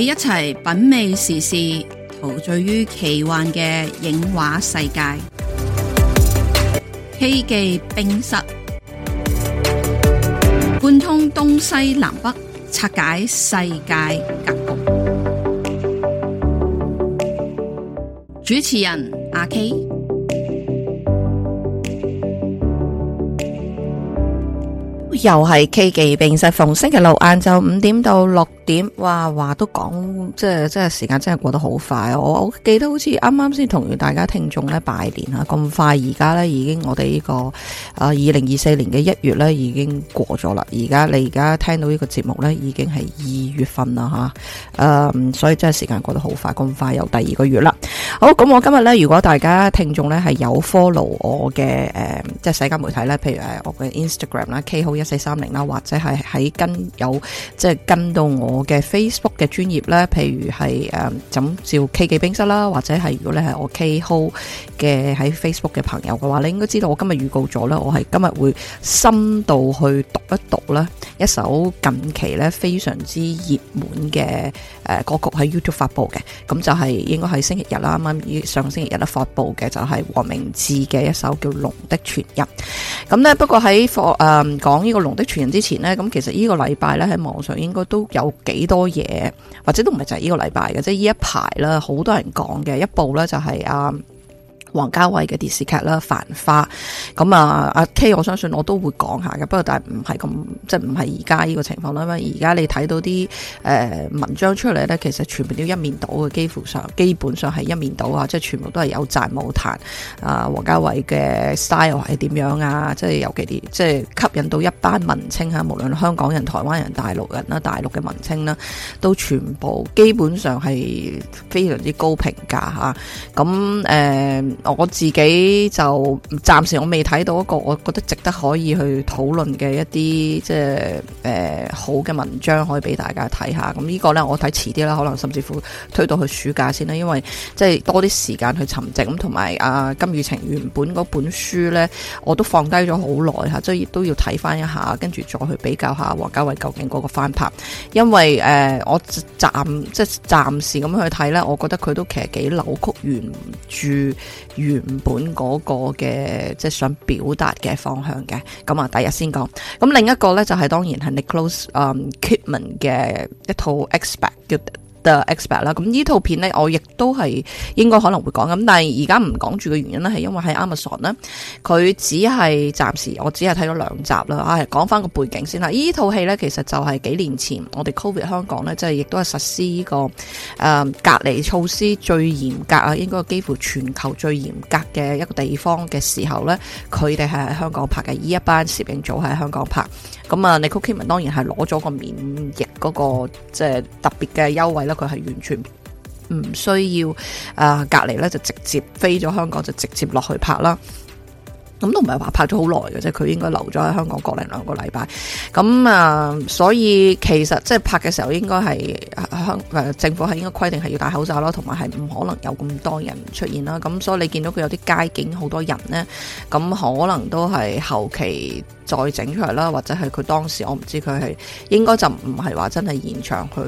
你一齊品味時事，陶醉於奇幻嘅影畫世界。K 記冰室，貫通東西南北，拆解世界格局。主持人阿 K，又係 K 記冰室。逢星期六晏晝五點到六。點話話都講，即係即係時間真係過得好快、啊。我我記得好似啱啱先同大家聽眾咧拜年，咁快而家咧已經我哋、這個啊、呢個啊二零二四年嘅一月咧已經過咗啦。而家你而家聽到個節呢個節目咧已經係二月份啦吓，誒、啊嗯，所以真係時間過得好快，咁快又第二個月啦。好，咁我今日咧如果大家聽眾咧係有 follow 我嘅誒、嗯，即係社交媒體咧，譬如誒我嘅 Instagram 啦，Kay Ho 一四三零啦，或者係喺跟有即係跟到我。我嘅 Facebook 嘅專頁呢，譬如係誒怎照 K 記冰室啦，或者係如果你係我 KayHo 嘅喺 Facebook 嘅朋友嘅話，你應該知道我今日預告咗啦，我係今日會深度去讀一讀咧一首近期呢非常之熱門嘅誒歌曲喺 YouTube 發布嘅，咁就係應該係星期日啦，啱啱上星期日咧發布嘅就係、是、黃明志嘅一首叫《龍的傳人》。咁呢，不過喺、嗯、講呢、這個《龍的傳人》之前呢，咁其實呢個禮拜呢，喺網上應該都有。幾多嘢，或者都唔係就係呢個禮拜嘅，即係呢一排啦，好多人講嘅一部咧就係、是、啊。嗯王家衛嘅電視劇啦，《繁花》咁啊，阿 K，我相信我都會講下嘅。不過但係唔係咁，即係唔係而家呢個情況啦。而家你睇到啲誒、呃、文章出嚟呢，其實全部都一面倒嘅，幾乎上基本上係一面倒啊！即係全部都係有讚冇彈。啊，王家衛嘅 style 係點樣啊？即係尤其啲，即係吸引到一班文青吓，無論香港人、台灣人、大陸人啦，大陸嘅文青啦，都全部基本上係非常之高評價吓。咁、啊、誒。我自己就暫時我未睇到一個，我覺得值得可以去討論嘅一啲即係誒、呃、好嘅文章，可以俾大家睇下。咁、這、呢個呢，我睇遲啲啦，可能甚至乎推到去暑假先啦，因為即係多啲時間去沉寂。咁同埋啊金宇澄原本嗰本書呢，我都放低咗好耐吓，所以都要睇翻一下，跟住再去比較一下王家衛究竟嗰個翻拍。因為誒、呃、我暫即係暫時咁去睇呢，我覺得佢都其實幾扭曲原著。原本嗰個嘅即係想表達嘅方向嘅，咁啊，第一日先講。咁另一個咧就係、是、當然係 Nicole 啊 Kidman 嘅一套 Expats。The Expert 啦，咁呢套片呢，我亦都係應該可能會講，咁但係而家唔講住嘅原因呢，係因為喺 Amazon 呢，佢只係暫時，我只係睇咗兩集啦。啊，講翻個背景先啦，呢套戲呢，其實就係幾年前我哋 Covid 香港呢，即係亦都係實施呢個誒隔離措施最嚴格啊，應該幾乎全球最嚴格嘅一個地方嘅時候呢，佢哋係喺香港拍嘅，呢一班攝影組喺香港拍。咁啊，Nicole Kidman 當然係攞咗個免疫嗰個即係特別嘅優惠啦，佢係完全唔需要啊隔離咧，就直接飛咗香港就直接落去拍啦。咁都唔係話拍咗好耐嘅啫，佢應該留咗喺香港個零兩個禮拜咁啊。所以其實即係拍嘅時候，應該係香誒政府係應該規定係要戴口罩啦，同埋係唔可能有咁多人出現啦。咁所以你見到佢有啲街景好多人呢，咁可能都係後期再整出嚟啦，或者係佢當時我唔知佢係應該就唔係話真係現場去誒。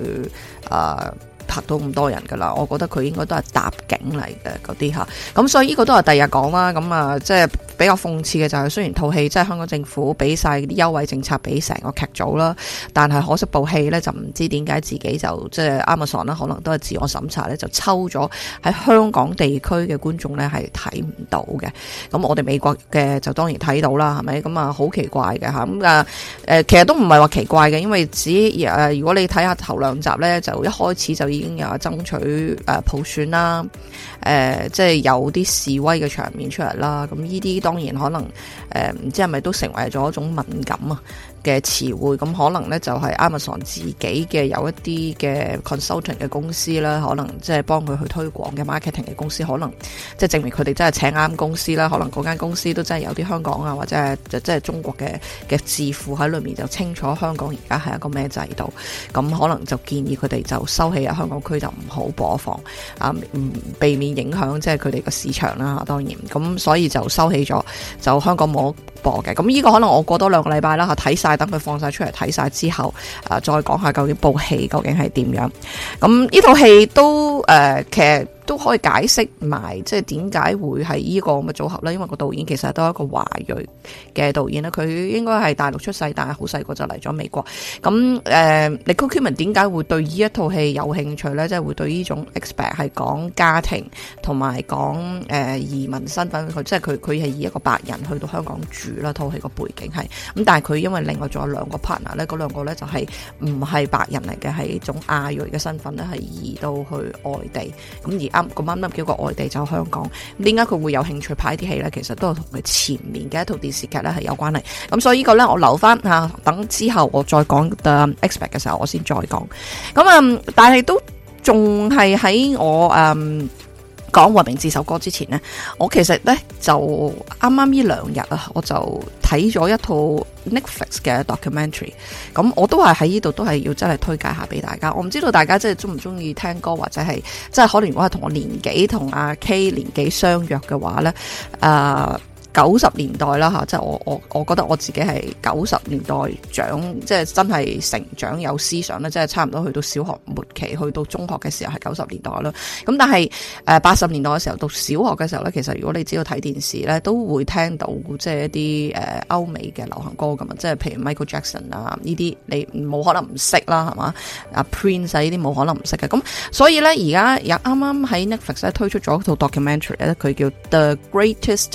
呃拍到咁多人噶啦，我覺得佢應該都係搭景嚟嘅嗰啲嚇，咁所以呢個都係第日講啦。咁啊，即係比較諷刺嘅就係、是，雖然套戲即係香港政府俾晒啲優惠政策俾成個劇組啦，但係可惜部戲呢就唔知點解自己就即係 Amazon 啦，可能都係自我審查呢，就抽咗喺香港地區嘅觀眾呢係睇唔到嘅。咁我哋美國嘅就當然睇到啦，係咪？咁啊好奇怪嘅嚇，咁啊誒，其實都唔係話奇怪嘅，因為只誒如果你睇下頭兩集呢，就一開始就已經又有爭取誒、呃、普選啦，誒、呃、即係有啲示威嘅場面出嚟啦，咁呢啲當然可能誒唔、呃、知係咪都成為咗一種敏感啊嘅詞彙，咁，可能呢就係 Amazon 自己嘅有一啲嘅 consultant 嘅公司啦，可能即係幫佢去推廣嘅 marketing 嘅公司，可能即係證明佢哋真係請啱公司啦。可能嗰間公司都真係有啲香港啊，或者係即係中國嘅嘅智庫喺裏面，就清楚香港而家係一個咩制度。咁可能就建議佢哋就收起喺香港區就唔好播放啊，避免影響即係佢哋個市場啦。當然咁，所以就收起咗，就香港冇播嘅，咁、呢個可能我過多兩個禮拜啦吓，睇晒，等佢放晒出嚟睇晒之後，呃、再講下究竟部戲究竟係點樣。咁呢套戲都誒、呃、其實。都可以解釋埋，即係點解會係呢個咁嘅組合呢？因為個導演其實都係一個華裔嘅導演咧，佢應該係大陸出世，但係好細個就嚟咗美國。咁呃、你 Ko k i e w n 點解會對呢一套戲有興趣呢？即係會對呢種 expect 係講家庭同埋講、呃、移民身份，佢即係佢佢係以一個白人去到香港住啦，套戲個背景係。咁但係佢因為另外仲有兩個 partner 呢，嗰兩個呢就係唔係白人嚟嘅，係一種亞裔嘅身份呢係移到去外地咁而。啱咁啱啱叫個外地走香港，咁點解佢會有興趣拍啲戲呢？其實都係同佢前面嘅一套電視劇呢係有關係。咁所以呢個呢，我留翻吓等之後我再講。嗯，expect 嘅時候我先再講。咁啊、嗯，但係都仲係喺我嗯。講《黃明志》首歌之前呢，我其實呢就啱啱呢兩日啊，我就睇咗一套 Netflix 嘅 documentary，咁我都係喺呢度都係要真係推介下俾大家。我唔知道大家真係中唔中意聽歌或者係即係可能如果係同我年紀同阿 K 年紀相若嘅話呢。誒、呃。九十年代啦，吓，即係我我我覺得我自己係九十年代長，即係真係成長有思想咧，即係差唔多去到小學末期，去到中學嘅時候係九十年代啦。咁但係誒八十年代嘅時候讀小學嘅時候咧，其實如果你只要睇電視咧，都會聽到即係一啲誒歐美嘅流行歌咁啊，即係譬如 Michael Jackson 啊呢啲，你冇可能唔識啦，係嘛？啊 Prince 啊呢啲冇可能唔識嘅。咁所以咧而家又啱啱喺 Netflix 推出咗一套 documentary 咧，佢叫 The Greatest。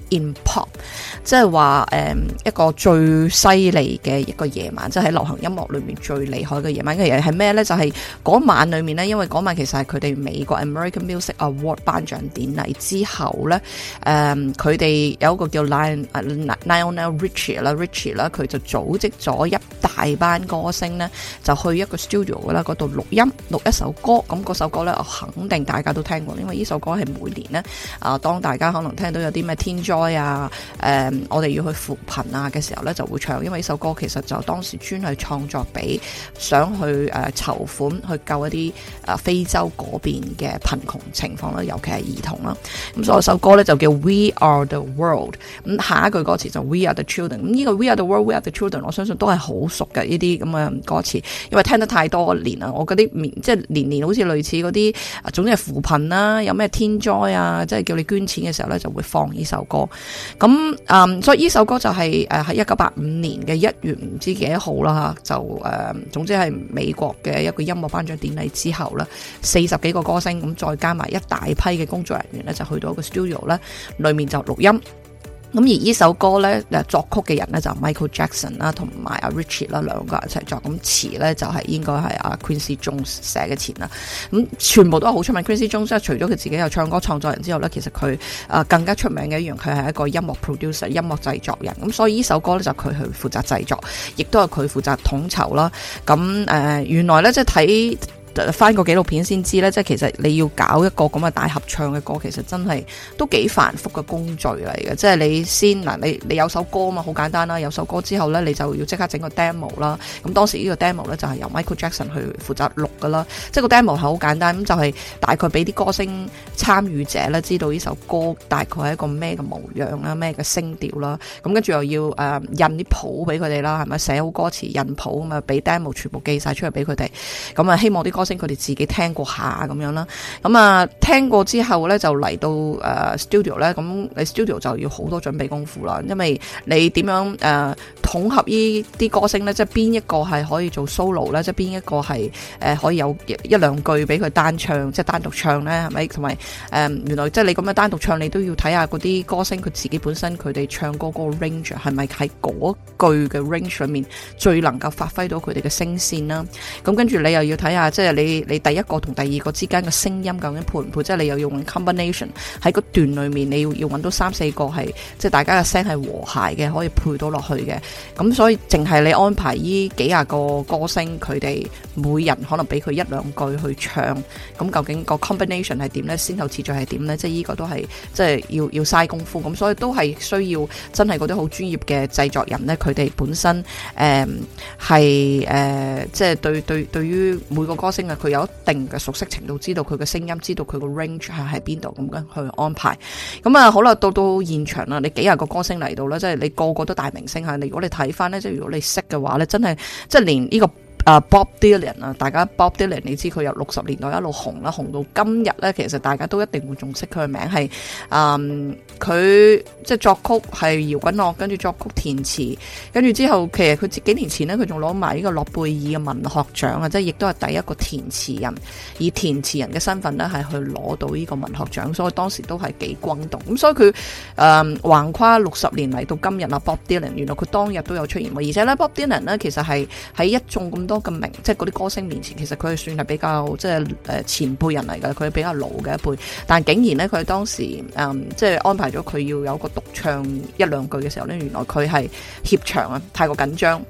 in pop，即係話誒一個最犀利嘅一個夜晚，即係喺流行音樂裏面最厲害嘅夜晚。跟嘢係咩咧？就係嗰晚裏面咧，因為嗰晚其實係佢哋美國 American Music Award 頒獎典禮之後咧。誒、嗯，佢哋有一個叫 Lionel Richie 啦，Richie 啦，佢就組織咗一大班歌星咧，就去一個 studio 啦，嗰度錄音錄一首歌。咁嗰首歌咧，我肯定大家都聽過，因為呢首歌係每年咧啊，當大家可能聽到有啲咩天災。啊！誒、嗯，我哋要去扶貧啊嘅時候呢，就會唱，因為呢首歌其實就當時專係創作俾，想去誒籌、呃、款去救一啲、呃、非洲嗰邊嘅貧窮情況啦，尤其係兒童啦。咁、嗯、所以，首歌呢，就叫 We Are the World。咁、嗯、下一句歌詞就 We Are the Children。咁呢、嗯這個 We Are the World，We Are the Children，我相信都係好熟嘅呢啲咁嘅歌詞，因為聽得太多年啦。我嗰啲即係年年好似類似嗰啲，總之係扶貧啦、啊，有咩天災啊，即、就、係、是、叫你捐錢嘅時候呢，就會放呢首歌。咁，嗯，所以呢首歌就係誒喺一九八五年嘅一月唔知幾多號啦吓，就誒、嗯，總之係美國嘅一個音樂頒獎典禮之後咧，四十幾個歌星咁再加埋一大批嘅工作人員咧，就去到一個 studio 咧，裏面就錄音。咁而呢首歌呢，作曲嘅人呢，就是、Michael Jackson 啦、啊，同埋阿 Richie 啦兩個人一齊作。咁、啊、詞呢，就係、是、應該係阿、啊、Quincy Jones 寫嘅詞啦。咁、啊、全部都係好出名。Quincy、啊、Jones、啊、除咗佢自己有唱歌創作人之後呢，其實佢、啊、更加出名嘅一樣，佢係一個音樂 producer、音樂製作人。咁、啊、所以呢首歌呢，就佢、是、去負責製作，亦都係佢負責統籌啦。咁、啊、誒、呃，原來呢，即係睇。翻個紀錄片先知呢，即係其實你要搞一個咁嘅大合唱嘅歌，其實真係都幾繁複嘅工序嚟嘅。即係你先嗱，你你有首歌啊嘛，好簡單啦。有首歌之後呢，你就要即刻整個 demo 啦。咁當時呢個 demo 呢，就係由 Michael Jackson 去負責錄噶啦。即係個 demo 係好簡單，咁就係、是、大概俾啲歌星參與者呢，知道呢首歌大概係一個咩嘅模樣啊，咩嘅聲調啦。咁跟住又要誒印啲譜俾佢哋啦，係咪寫好歌詞、印譜咁啊？俾 demo 全部寄晒出去俾佢哋，咁啊希望啲歌。歌星佢哋自己聽過一下咁樣啦，咁、嗯、啊聽過之後咧就嚟到誒、呃、studio 咧，咁你 studio 就要好多準備功夫啦，因為你點樣誒、呃、統合依啲歌星咧，即係邊一個係可以做 solo 咧，即係邊一個係誒、呃、可以有一兩句俾佢單唱，即係單獨唱咧，係咪？同埋誒原來即係你咁樣單獨唱，你都要睇下啲歌星佢自己本身佢哋唱歌嗰個 range 係咪喺句嘅 range 裏面最能夠發揮到佢哋嘅聲線啦。咁跟住你又要睇下即係。你你第一個同第二個之間嘅聲音究竟配唔配？即係你又要用 combination 喺個段裏面，你要要揾到三四個係，即係大家嘅聲係和諧嘅，可以配到落去嘅。咁所以淨係你安排依幾廿個歌星，佢哋每人可能俾佢一兩句去唱。咁究竟個 combination 係點咧？先後次序係點咧？即係依個都係即係要要嘥功夫。咁所以都係需要真係啲好專業嘅製作人咧，佢哋本身誒係誒即係對對對於每個歌星。佢有一定嘅熟悉程度，知道佢嘅聲音，知道佢個 range 係喺邊度咁樣去安排。咁、嗯、啊，好啦，到到現場啦，你幾廿個歌星嚟到啦，即係你個個都大明星吓。你如果你睇翻呢，即係如果你識嘅話咧，真係即係連呢、這個。啊、uh, Bob Dylan 啊，大家 Bob Dylan，你知佢由六十年代一路紅啦，紅到今日咧，其實大家都一定會仲識佢嘅名係，嗯，佢、um, 即係作曲係搖滾樂，跟住作曲填詞，跟住之後其實佢幾年前咧，佢仲攞埋呢個諾貝爾嘅文學獎啊，即係亦都係第一個填詞人，以填詞人嘅身份咧係去攞到呢個文學獎，所以當時都係幾轟動。咁所以佢誒橫跨六十年嚟到今日啊 Bob Dylan，原來佢當日都有出現，而且咧 Bob Dylan 咧其實係喺一衆咁。多咁明，即係嗰啲歌星面前，其實佢係算係比較即係誒前輩人嚟嘅，佢比較老嘅一輩。但係竟然咧，佢當時誒、嗯、即係安排咗佢要有個獨唱一兩句嘅時候咧，原來佢係怯場啊，太過緊張。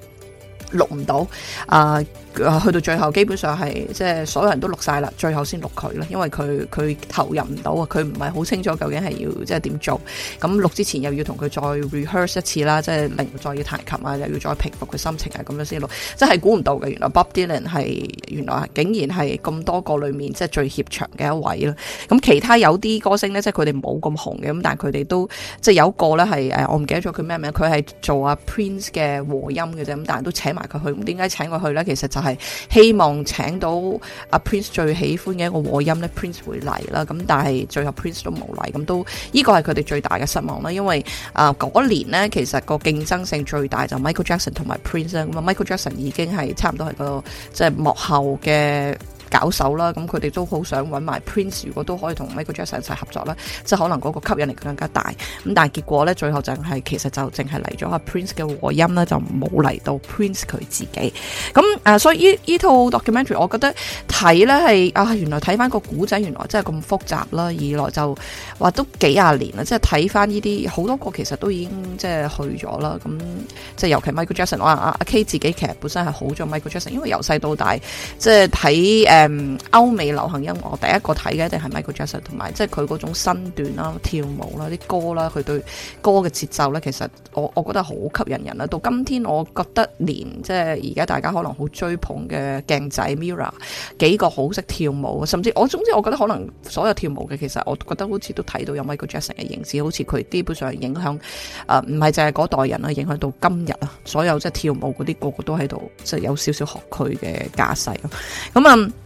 錄唔到啊、呃！去到最後基本上係即係所有人都錄晒啦，最後先錄佢啦，因為佢佢投入唔到啊，佢唔係好清楚究竟係要即係點做。咁錄之前又要同佢再 rehearse 一次啦，即係另再要彈琴啊，又要再平復佢心情啊，咁樣先錄。真係估唔到嘅，原來 Bob Dylan 係原來竟然係咁多個裏面即係最怯場嘅一位啦。咁其他有啲歌星呢，即係佢哋冇咁紅嘅，咁但係佢哋都即係有個咧係誒，我唔記得咗佢咩名，佢係做阿 Prince 嘅和音嘅啫，咁但係都請佢去，咁點解請佢去呢？其實就係希望請到阿 Prince 最喜歡嘅一個和音呢，Prince 會嚟啦。咁但係最後 Prince 都冇嚟，咁都呢個係佢哋最大嘅失望啦。因為啊嗰年呢，其實個競爭性最大就係 Michael Jackson 同埋 Prince 啦。咁啊 Michael Jackson 已經係差唔多係、那個即係、就是、幕後嘅搞手啦，咁佢哋都好想揾埋 Prince，如果都可以同 Michael Jackson 一齊合作啦，即係可能嗰個吸引力更加大。咁但係結果咧，最後就係其實就淨係嚟咗阿、啊、Prince 嘅和音啦，就冇嚟到 Prince 佢自己。咁誒，所以呢呢、啊、套 documentary，我覺得睇咧係啊，原來睇翻個古仔，原來真係咁複雜啦。二來就話都幾廿年啦，即係睇翻呢啲好多個其實都已經即係去咗啦。咁即係尤其 Michael Jackson，哇阿阿 K 自己其實本身係好咗 Michael Jackson，因為由細到大即係睇誒。呃嗯，歐美流行音樂我第一個睇嘅一定係 Michael Jackson，同埋即係佢嗰種身段啦、跳舞啦、啲歌啦，佢對歌嘅節奏咧，其實我我覺得好吸引人啦。到今天，我覺得連即係而家大家可能好追捧嘅鏡仔 Mirror 幾個好識跳舞，甚至我總之我覺得可能所有跳舞嘅其實我覺得好似都睇到有 Michael Jackson 嘅影子，好似佢基本上影響唔係淨係嗰代人啦，影響到今日啊，所有即係跳舞嗰啲個個個都喺度即係有少少學佢嘅架勢咁啊～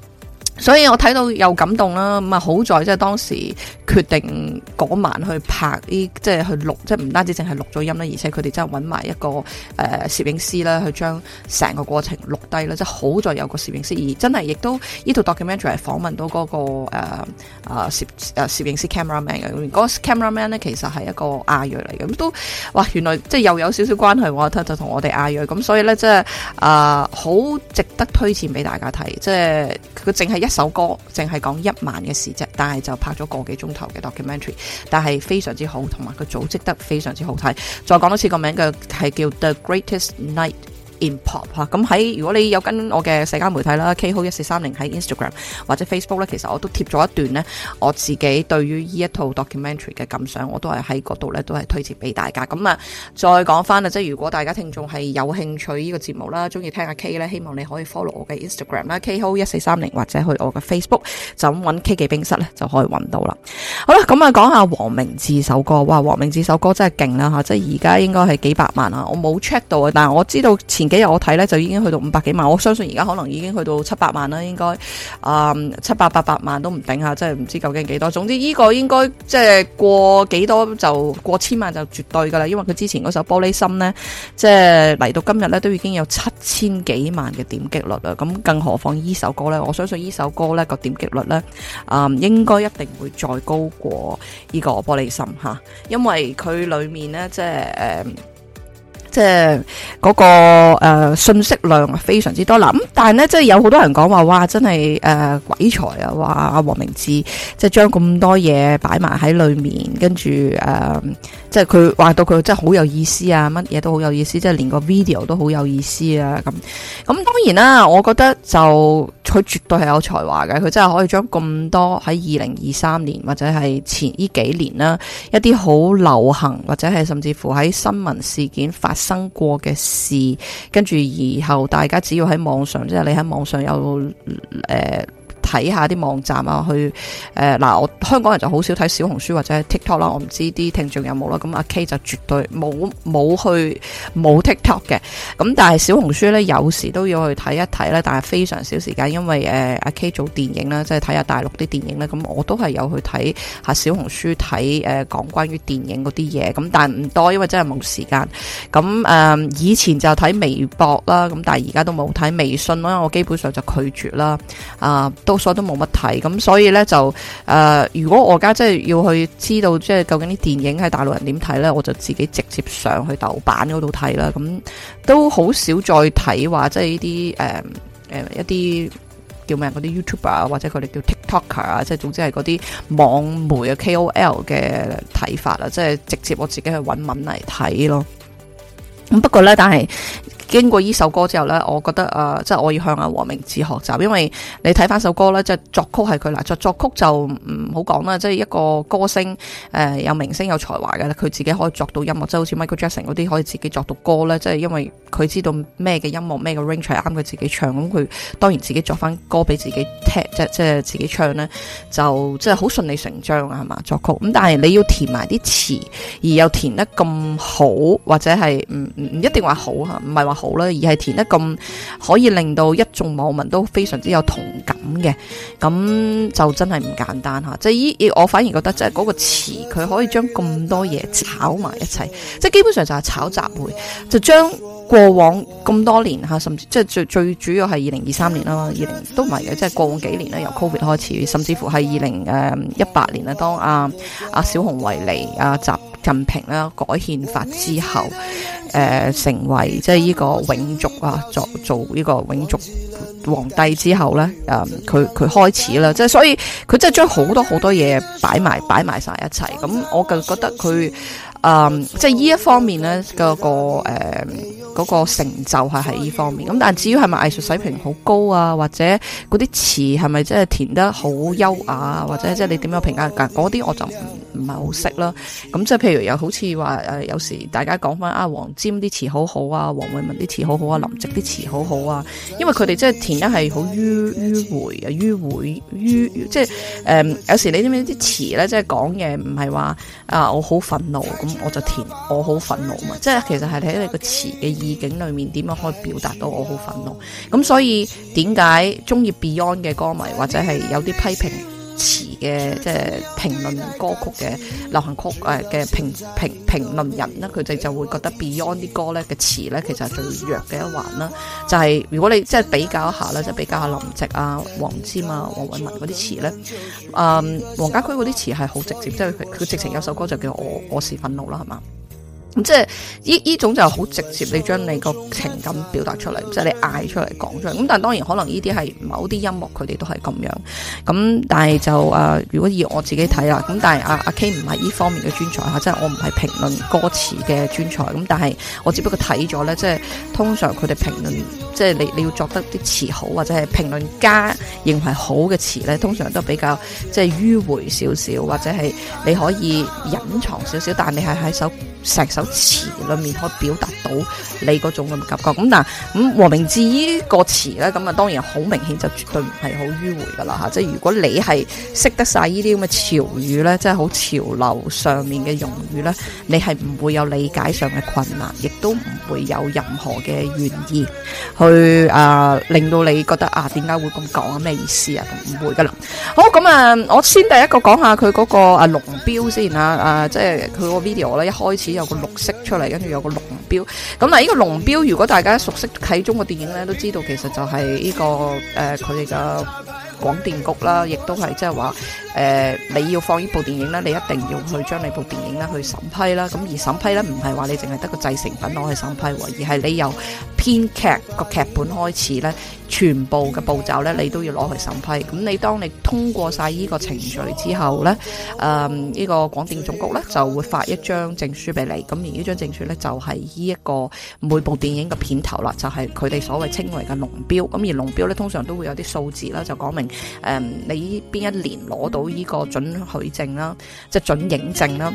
所以我睇到又感動啦，咁啊好在即係當時決定嗰晚去拍呢，即係去錄，即係唔單止淨係錄咗音啦，而且佢哋真係揾埋一個誒攝影師咧去將成個過程錄低啦，即係好在有個攝影師，而真係亦都呢套、這個、documentary 訪問到、嗰個誒誒攝誒攝影師 camera man，嘅嗰個 camera man 咧其實係一個亞裔嚟嘅，咁都哇原來即係又有少少關係喎，我覺得就就同我哋亞裔，咁所以咧即係啊好值得推薦俾大家睇，即係佢淨係，一。一首歌，淨係講一晚嘅事啫，但係就拍咗個幾鐘頭嘅 documentary，但係非常之好，同埋佢組織得非常之好睇。再講多次，個名叫 The《The Greatest Night》。in pop 吓，咁喺如果你有跟我嘅社交媒體啦，KayHo 一四三零喺 Instagram 或者 Facebook 咧，其實我都貼咗一段咧，我自己對於呢一套 documentary 嘅感想，我都係喺嗰度咧，都係推薦俾大家。咁啊，再講翻啊，即係如果大家聽眾係有興趣呢個節目啦，中意聽下 K 咧，希望你可以 follow 我嘅 Instagram 啦，KayHo 一四三零或者去我嘅 Facebook 就咁揾 K 記冰室咧，就可以揾到啦。好啦，咁啊，講下黃明志首歌，哇，黃明志首歌真係勁啦吓，即係而家應該係幾百萬啊，我冇 check 到啊，但係我知道前幾日我睇咧就已經去到五百幾萬，我相信而家可能已經去到七百萬啦，應該啊、um, 七百八,八百萬都唔定吓，真係唔知究竟幾多。總之呢個應該即係過幾多就過千萬就絕對噶啦，因為佢之前嗰首玻璃心呢，即係嚟到今日呢，都已經有七千幾萬嘅點擊率啦。咁更何況呢首歌呢？我相信呢首歌呢個點擊率呢，啊、um,，應該一定會再高過呢個玻璃心吓，因為佢裏面呢，即係誒。Um, 即係嗰、那個誒、呃、信息量非常之多啦，咁但係咧，即係有好多人講話，哇，真係誒、呃、鬼才啊！話阿黃明志即係將咁多嘢擺埋喺裏面，跟住誒。呃即係佢話到佢真係好有意思啊，乜嘢都好有意思，即係連個 video 都好有意思啊咁。咁當然啦，我覺得就佢絕對係有才華嘅，佢真係可以將咁多喺二零二三年或者係前呢幾年啦，一啲好流行或者係甚至乎喺新聞事件發生過嘅事，跟住以後大家只要喺網上，即係你喺網上有誒。呃睇下啲網站啊，去誒嗱、呃，我香港人就好少睇小紅書或者 TikTok 啦，我唔知啲聽眾有冇啦。咁阿 K 就絕對冇冇去冇 TikTok 嘅，咁但係小紅書呢，有時都要去睇一睇咧，但係非常少時間，因為誒阿、呃、K 做電影啦，即係睇下大陸啲電影咧，咁我都係有去睇下小紅書睇誒、呃、講關於電影嗰啲嘢，咁但係唔多，因為真係冇時間。咁誒、呃、以前就睇微博啦，咁但係而家都冇睇微信啦，我基本上就拒絕啦。啊、呃，都。我都冇乜睇，咁所以呢，就誒、呃，如果我而家真係要去知道即係、就是、究竟啲電影喺大陸人點睇呢，我就自己直接上去豆瓣嗰度睇啦。咁、嗯、都好少再睇話即係呢啲誒誒一啲叫咩嗰啲 YouTuber 啊，YouTuber 啊，或者佢哋叫 TikToker 啊，即係總之係嗰啲網媒嘅 KOL 嘅睇法啦，即係直接我自己去揾文嚟睇咯。咁不過呢，但係。經過呢首歌之後呢，我覺得啊，即係、呃、我要向阿黃明志學習，因為你睇翻首歌呢，即係作曲係佢啦，作作曲就唔好講啦，即係一個歌星誒、呃，有明星有才華㗎啦，佢自己可以作到音樂，即係好似 Michael Jackson 嗰啲可以自己作到歌呢。即係因為佢知道咩嘅音樂咩嘅 range 啱佢自己唱，咁佢當然自己作翻歌俾自己聽，即係即係自己唱呢，就即係好順理成章啊，係嘛作曲咁，但係你要填埋啲詞，而又填得咁好，或者係唔唔唔一定話好吓，唔係話。好啦，而係填得咁可以令到一眾網民都非常之有同感嘅，咁就真係唔簡單吓。即係依，我反而覺得即係嗰個詞，佢可以將咁多嘢炒埋一齊，即係基本上就係炒雜燴，就將過往咁多年吓，甚至即係最最主要係二零二三年啦，二零都唔係嘅，即係過往幾年咧，由 Covid 開始，甚至乎係二零誒一八年咧，當阿阿小紅維尼阿習近平咧改憲法之後。誒、呃，成為即係呢個永族啊，做做呢個永族皇帝之後咧，誒、嗯，佢佢開始啦，即係所以佢真係將好多好多嘢擺埋擺埋晒一齊。咁、嗯、我就覺得佢，誒、嗯，即係呢一方面咧，嗰、這個誒嗰、這個這個呃這個成就係喺呢方面。咁但係至於係咪藝術水平好高啊，或者嗰啲詞係咪真係填得好優雅啊，或者即係你點樣評價嗰啲，我就。唔唔係好識啦，咁即係譬如又好似話誒，有時大家講翻阿黃霑啲詞好好啊，黃偉文啲詞好好啊，林夕啲詞好好啊，因為佢哋即係填得係好迂迂回啊，迂回迂即係誒，有時你知唔知啲詞咧，即係講嘢唔係話啊，我好憤怒咁我就填我好憤怒嘛，即係其實係喺你個詞嘅意境裏面點樣可以表達到我好憤怒，咁所以點解中意 Beyond 嘅歌迷或者係有啲批評，詞嘅即係評論歌曲嘅流行曲誒嘅、呃、評評評論人咧，佢哋就會覺得 Beyond 啲歌咧嘅詞咧，其實係最弱嘅一環啦。就係、是、如果你即係、就是、比較一下咧，即、就是、比較一下林夕啊、黃霑啊、黃偉文嗰啲詞咧，嗯，黃家駒嗰啲詞係好直接，即係佢直情有首歌就叫我我是憤怒啦，係嘛？咁即係呢呢種就好直接，你將你個情感表達出嚟，即係你嗌出嚟講出嚟。咁但係當然可能呢啲係某啲音樂佢哋都係咁樣。咁但係就誒，如果以我自己睇啦，咁但係阿阿 K 唔係呢方面嘅專才嚇，即係我唔係評論歌詞嘅專才。咁但係我只不過睇咗咧，即係通常佢哋評論，即係你你要作得啲詞好，或者係評論家認為好嘅詞咧，通常都比較即係迂迴少少，或者係你可以隱藏少少，但係你係喺首。成首詞裏面可以表達到你嗰種咁嘅感覺，咁嗱，係咁黃明志依個詞咧，咁啊當然好明顯就絕對唔係好迂迴噶啦嚇，即係如果你係識得晒呢啲咁嘅潮語咧，即係好潮流上面嘅用語咧，你係唔會有理解上嘅困難，亦都唔會有任何嘅願意去啊、呃、令到你覺得啊點解會咁講啊咩意思啊咁唔會噶啦。好咁啊，我先第一個講下佢嗰、嗰個啊龍標先啊啊，即係佢個 video 咧一開始。有個綠色出嚟，跟住有個龍標。咁嗱，呢個龍標，如果大家熟悉睇中國電影咧，都知道其實就係呢個誒，佢哋嘅廣電局啦，亦都係即係話。誒、呃，你要放呢部電影呢，你一定要去將你部電影呢去審批啦。咁而審批呢唔係話你淨係得個製成品攞去審批，而係你由編劇個劇本開始呢，全部嘅步驟呢，你都要攞去審批。咁你當你通過晒呢個程序之後呢，誒、嗯，呢、呢個廣電總局呢就會發一張證書俾你。咁而呢張證書呢就係呢一個每部電影嘅片頭啦，就係佢哋所謂稱為嘅龍標，咁而龍標呢通常都會有啲數字啦，就講明誒你邊一年攞到。呢個准許證啦，即係准影證啦。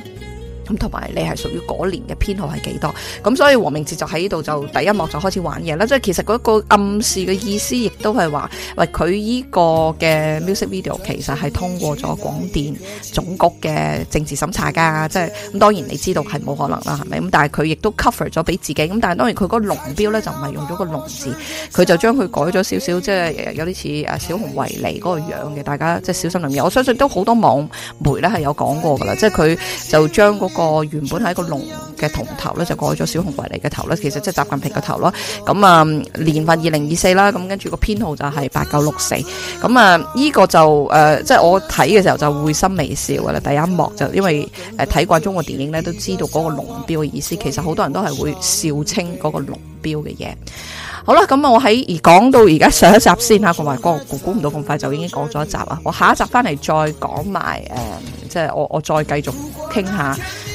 咁同埋你係屬於嗰年嘅編號係幾多？咁所以黃明志就喺呢度就第一幕就開始玩嘢啦。即係其實嗰個暗示嘅意思，亦都係話，喂，佢依個嘅 music video 其實係通過咗廣電總局嘅政治審查㗎。即係咁當然你知道係冇可能啦，係咪？咁但係佢亦都 cover 咗俾自己。咁但係當然佢嗰個龍標咧就唔係用咗個龍字，佢就將佢改咗少少，即係有啲似誒小熊維尼嗰個樣嘅。大家即係小心留意。我相信都好多網媒咧係有講過㗎啦。即係佢就將嗰個個原本係一個龍嘅銅頭咧，就改咗小紅衛嚟嘅頭咧，其實即係習近平嘅頭咯。咁啊，年份二零二四啦，咁跟住個編號就係八九六四。咁啊，呢個就誒、呃，即係我睇嘅時候就會心微笑噶啦。第一幕就因為誒睇慣中國電影咧，都知道嗰個龍標嘅意思。其實好多人都係會笑稱嗰個龍標嘅嘢。好啦，咁啊，我喺而講到而家上一集先吓，同埋嗰個估估唔到咁快就已經講咗一集啊。我下一集翻嚟再講埋誒、呃，即係我我再繼續傾下。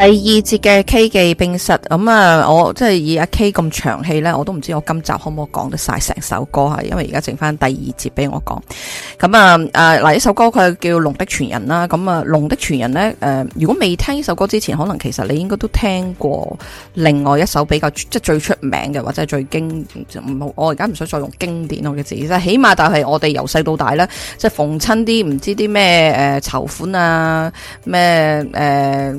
第二節嘅 K 記冰室咁啊，我即係、就是，以阿 K 咁長氣咧，我都唔知我今集可唔可以講得晒成首歌啊。因為而家剩翻第二節俾我講，咁啊誒嗱，呢、啊、首歌佢叫《龍的傳人》啦，咁啊《龍的傳人》呢咧、呃、誒，如果未聽呢首歌之前，可能其實你應該都聽過另外一首比較即係最出名嘅或者係最經唔好，我而家唔想再用經典我嘅字，即係起碼就係我哋由細到大咧，即係逢親啲唔知啲咩誒籌款啊咩誒。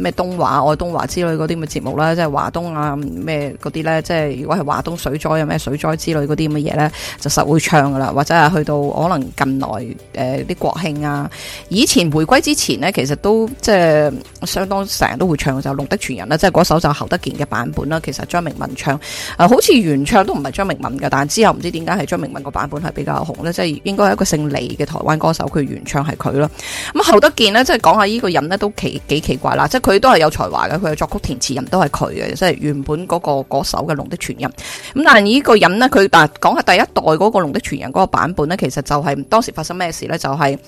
咩東華愛東華之類嗰啲咁嘅節目啦，即係華東啊咩嗰啲咧，即係如果係華東水災啊咩水災之類嗰啲咁嘅嘢咧，就實會唱噶啦，或者係去到可能近來誒啲、呃、國慶啊，以前回歸之前呢，其實都即係相當成日都會唱的就係《龍的傳人》啦，即係嗰首就係侯德健嘅版本啦。其實張明文唱啊、呃，好似原唱都唔係張明文㗎，但係之後唔知點解係張明文個版本係比較紅咧，即係應該係一個姓李嘅台灣歌手佢原唱係佢咯。咁侯德健呢，即係講下呢個人呢，都奇幾，幾奇怪啦，即係。佢都係有才華嘅，佢嘅作曲填詞人都係佢嘅，即係原本嗰個嗰首嘅《龍的傳人》咁。但係呢個人呢，佢但係講下第一代嗰個《龍的傳人》嗰個版本呢，其實就係當時發生咩事呢？就係。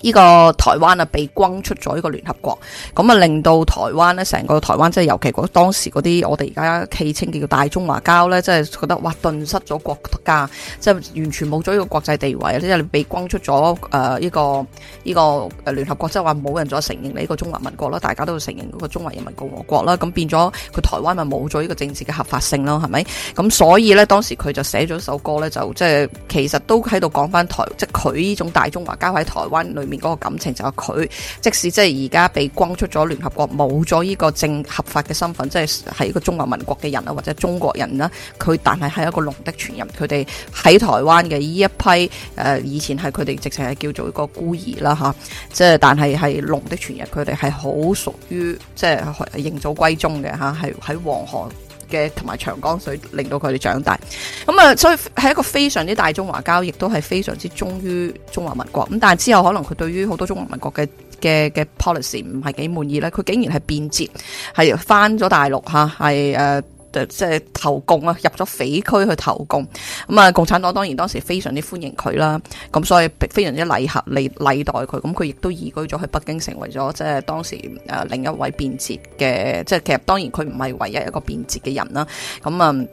呢個台灣啊，被轟出咗呢個聯合國，咁啊令到台灣呢，成個台灣即係尤其嗰當時嗰啲我哋而家戲稱叫做大中華膠呢，即係覺得哇，頓失咗國家，即係完全冇咗呢個國際地位，即係你被轟出咗誒呢個呢個誒聯合國，即係話冇人再承認你呢個中華民國啦，大家都承認嗰個中華人民共和國啦，咁變咗佢台灣咪冇咗呢個政治嘅合法性咯，係咪？咁所以呢，當時佢就寫咗首歌呢，就即係其實都喺度講翻台，即係佢呢種大中華膠喺台灣裏面個感情就係佢，即使即係而家被轟出咗聯合國，冇咗呢個正合法嘅身份，即係係一個中華民國嘅人啦，或者中國人啦，佢但係係一個龍的傳人，佢哋喺台灣嘅呢一批誒、呃，以前係佢哋直情係叫做一個孤兒啦吓、啊，即係但係係龍的傳人，佢哋係好屬於即係認祖歸宗嘅吓，係、啊、喺黃河。嘅同埋長江水令到佢哋長大，咁啊，所以係一個非常之大中華膠，亦都係非常之忠於中華民國。咁但係之後可能佢對於好多中華民國嘅嘅嘅 policy 唔係幾滿意咧，佢竟然係變節，係返咗大陸嚇，係誒。呃就即係投共啦，入咗匪區去投共，咁啊，共產黨當然當時非常之歡迎佢啦，咁所以非常之禮盒、禮待佢，咁佢亦都移居咗去北京，成為咗即係當時誒另一位變節嘅，即係其實當然佢唔係唯一一個變節嘅人啦，咁啊。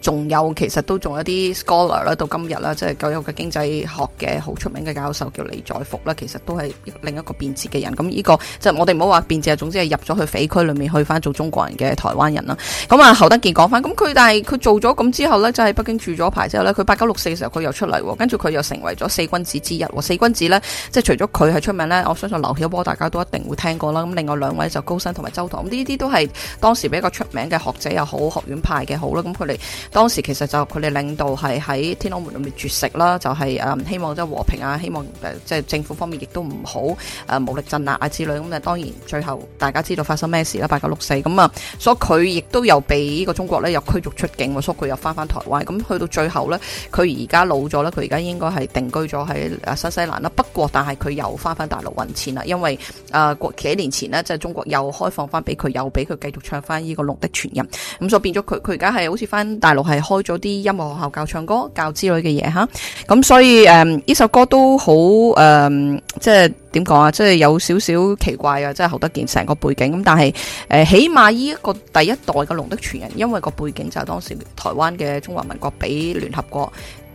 仲有其實都仲有一啲 scholar 啦，到今日啦，即係教育嘅經濟學嘅好出名嘅教授叫李在福啦，其實都係另一個變節嘅人。咁呢個即係我哋唔好話變節啊，總之係入咗去匪區裏面，去翻做中國人嘅台灣人啦。咁啊，侯德健講翻，咁佢但係佢做咗咁之後呢，就係北京住咗排之後呢，佢八九六四嘅時候佢又出嚟，跟住佢又成為咗四君子之一。四君子呢，即係除咗佢係出名呢，我相信劉曉波大家都一定會聽過啦。咁另外兩位就高新同埋周堂。呢啲都係當時比較出名嘅學者又好，學院派嘅好啦。咁佢哋。當時其實就佢哋領導係喺天安門裏面絕食啦，就係誒希望即係和平啊，希望誒即係政府方面亦都唔好誒武力鎮壓啊之類，咁誒當然最後大家知道發生咩事啦，八九六四咁啊，所以佢亦都有俾呢個中國咧又驅逐出境，所以佢又翻返台灣。咁去到最後咧，佢而家老咗啦，佢而家應該係定居咗喺誒新西蘭啦。不過但係佢又翻返大陸揾錢啦，因為誒呃，幾年前呢，即係中國又開放翻俾佢，又俾佢繼續唱翻呢個《龍的傳人》咁，所以變咗佢佢而家係好似翻。大陸係開咗啲音樂學校教唱歌教之類嘅嘢哈，咁所以誒呢、嗯、首歌都好誒、嗯，即係點講啊，即係有少少奇怪啊，即係侯德健成個背景咁，但係誒、呃、起碼呢一個第一代嘅龍的傳人，因為那個背景就係當時台灣嘅中華民國畀聯合國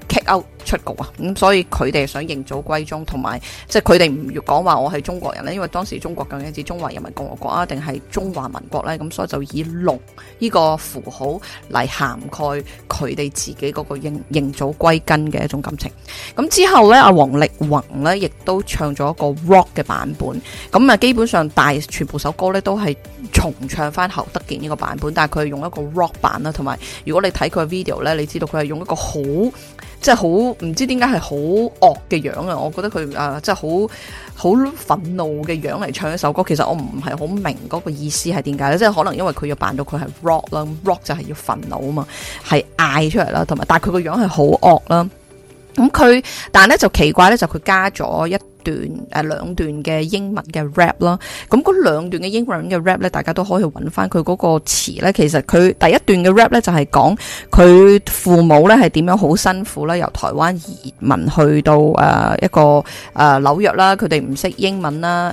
kick out 出局啊，咁、嗯、所以佢哋想認祖歸宗，同埋即係佢哋唔要講話我係中國人咧，因為當時中國究竟係指中華人民共和國啊，定係中華民國呢？咁、嗯、所以就以龍呢個符號嚟涵蓋佢哋自己嗰個認認祖歸根嘅一種感情。咁、嗯、之後呢，阿王力宏呢亦都唱咗一個 rock 嘅版本。咁、嗯、啊，基本上大全部首歌呢都係重唱翻侯德健呢個版本，但係佢係用一個 rock 版啦。同埋如果你睇佢嘅 video 呢，你知道佢係用一個好。即係好，唔知點解係好惡嘅樣啊！我覺得佢誒、呃，即係好，好憤怒嘅樣嚟唱一首歌。其實我唔係好明嗰個意思係點解咧，即係可能因為佢要扮到佢係 rock 啦，rock 就係要憤怒啊嘛，係嗌出嚟啦，同埋但係佢個樣係好惡啦。咁佢但係咧就奇怪咧，就佢加咗一。段誒兩段嘅英文嘅 rap 啦，咁嗰兩段嘅英文嘅 rap 咧，大家都可以揾翻佢嗰個詞咧。其實佢第一段嘅 rap 咧就係講佢父母咧係點樣好辛苦啦，由台灣移民去到誒一個誒紐約啦，佢哋唔識英文啦，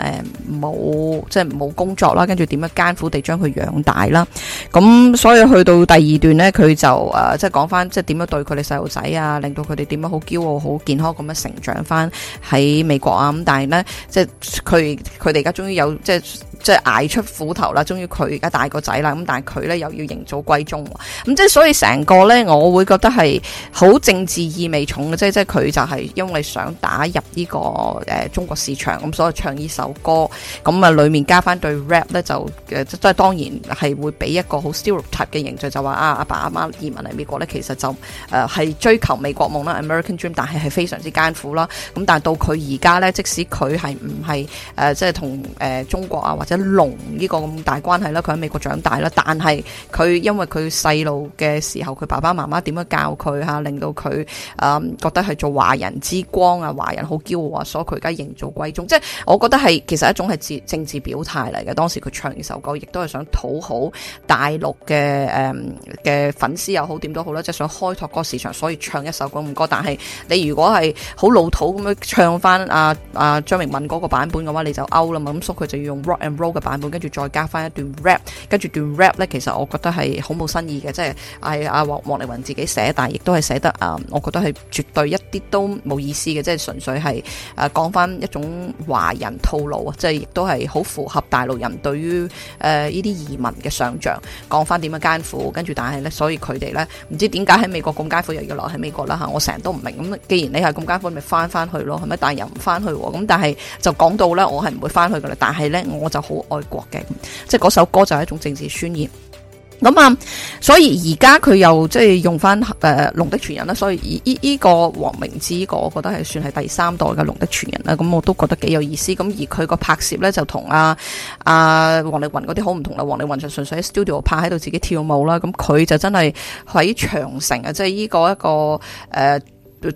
誒冇即係冇工作啦，跟住點樣艱苦地將佢養大啦。咁所以去到第二段咧，佢就誒即係講翻即係點樣對佢哋細路仔啊，令到佢哋點樣好驕傲、好健康咁樣成長翻喺美國啊。咁但係咧，即係佢佢哋而家終於有即係。就是即係捱出苦頭啦，終於佢而家大個仔啦，咁但係佢咧又要認祖歸宗，咁、嗯、即係所以成個咧，我會覺得係好政治意味重嘅，即係即係佢就係因為想打入呢、呢個誒、呃、中國市場，咁所以唱呢首歌，咁、嗯、啊裡面加翻對 rap 咧，就誒、呃、即係當然係會俾一個好 stereotype 嘅形象，就話啊阿爸阿媽移民嚟美國咧，其實就誒係、呃、追求美國夢啦 American dream，但係係非常之艱苦啦，咁但係到佢而家咧，即使佢係唔係誒即係同誒中國啊或者。龍呢個咁大關係啦，佢喺美國長大啦，但係佢因為佢細路嘅時候佢爸爸媽媽點樣教佢吓，令到佢誒、嗯、覺得係做華人之光啊，華人好驕傲啊，所以佢而家認祖歸宗，即係我覺得係其實一種係政治表態嚟嘅。當時佢唱呢首歌，亦都係想討好大陸嘅誒嘅粉絲又好，點都好啦，即係想開拓個市場，所以唱一首咁嘅歌。但係你如果係好老土咁樣唱翻阿阿張明敏嗰個版本嘅話，你就 out 啦嘛。咁所以佢就要用 rock and roll 嘅版本跟住再加翻一段 rap，跟住段 rap 呢，其實我覺得係好冇新意嘅，即係阿阿王王力宏自己寫，但係亦都係寫得啊，我覺得係絕對一啲都冇意思嘅，即係純粹係誒講翻一種華人套路啊，即係亦都係好符合大陸人對於誒依啲移民嘅想像，講翻點樣艱苦，跟住但係呢。所以佢哋呢，唔知點解喺美國咁艱苦，又要留喺美國啦嚇，我成日都唔明白。咁既然你係咁艱苦，咪翻翻去咯，係咪？但係又唔翻去喎，咁但係就講到呢，我係唔會翻去噶啦，但係呢，我就。好愛國嘅，即係嗰首歌就係一種政治宣言。咁啊，所以而家佢又即係用翻誒《龍、呃、的傳人》啦，所以依依、這個黃明志，我覺得係算係第三代嘅《龍的傳人》啦。咁我都覺得幾有意思。咁而佢個拍攝咧就同啊阿王力宏嗰啲好唔同啦。王力宏就純粹喺 studio 拍，喺度自己跳舞啦，咁佢就真係喺長城啊，即係依個一個誒。呃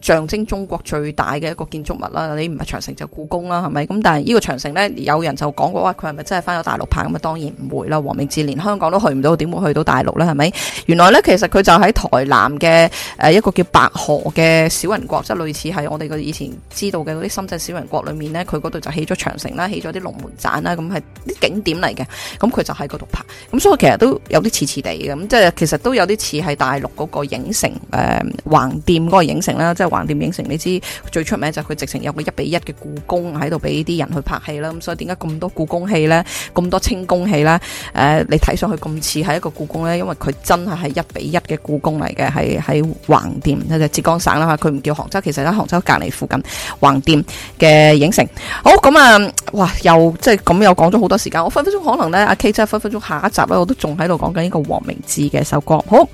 象徵中國最大嘅一個建築物啦，你唔係長城就故宮啦，係咪？咁但係呢個長城呢，有人就講過，哇！佢係咪真係翻咗大陸拍？咁啊，當然唔會啦。黃明志連香港都去唔到，點會去到大陸呢？係咪？原來呢，其實佢就喺台南嘅、呃、一個叫白河嘅小人國，即係類似係我哋以前知道嘅嗰啲深圳小人國裏面呢。佢嗰度就起咗長城啦，起咗啲龍門棧啦，咁係啲景點嚟嘅。咁、嗯、佢就喺嗰度拍。咁、嗯、所以其實都有啲似似地嘅，咁、嗯、即係其實都有啲似係大陸嗰個影城、呃、橫店嗰個影城啦。即係橫店影城，你知最出名就係佢直情有一個1比1的一比一嘅故宮喺度俾啲人去拍戲啦，咁所以點解咁多故宮戲呢？咁多清宮戲呢？誒、呃，你睇上去咁似係一個故宮呢？因為佢真係係一比一嘅故宮嚟嘅，係喺橫店，就係、是、浙江省啦，佢唔叫杭州，其實喺杭州隔離附近橫店嘅影城。好，咁啊，哇，又即係咁又講咗好多時間，我分分鐘可能呢，阿 K 真係分分鐘下一集呢，我都仲喺度講緊呢個黃明志嘅首歌。好，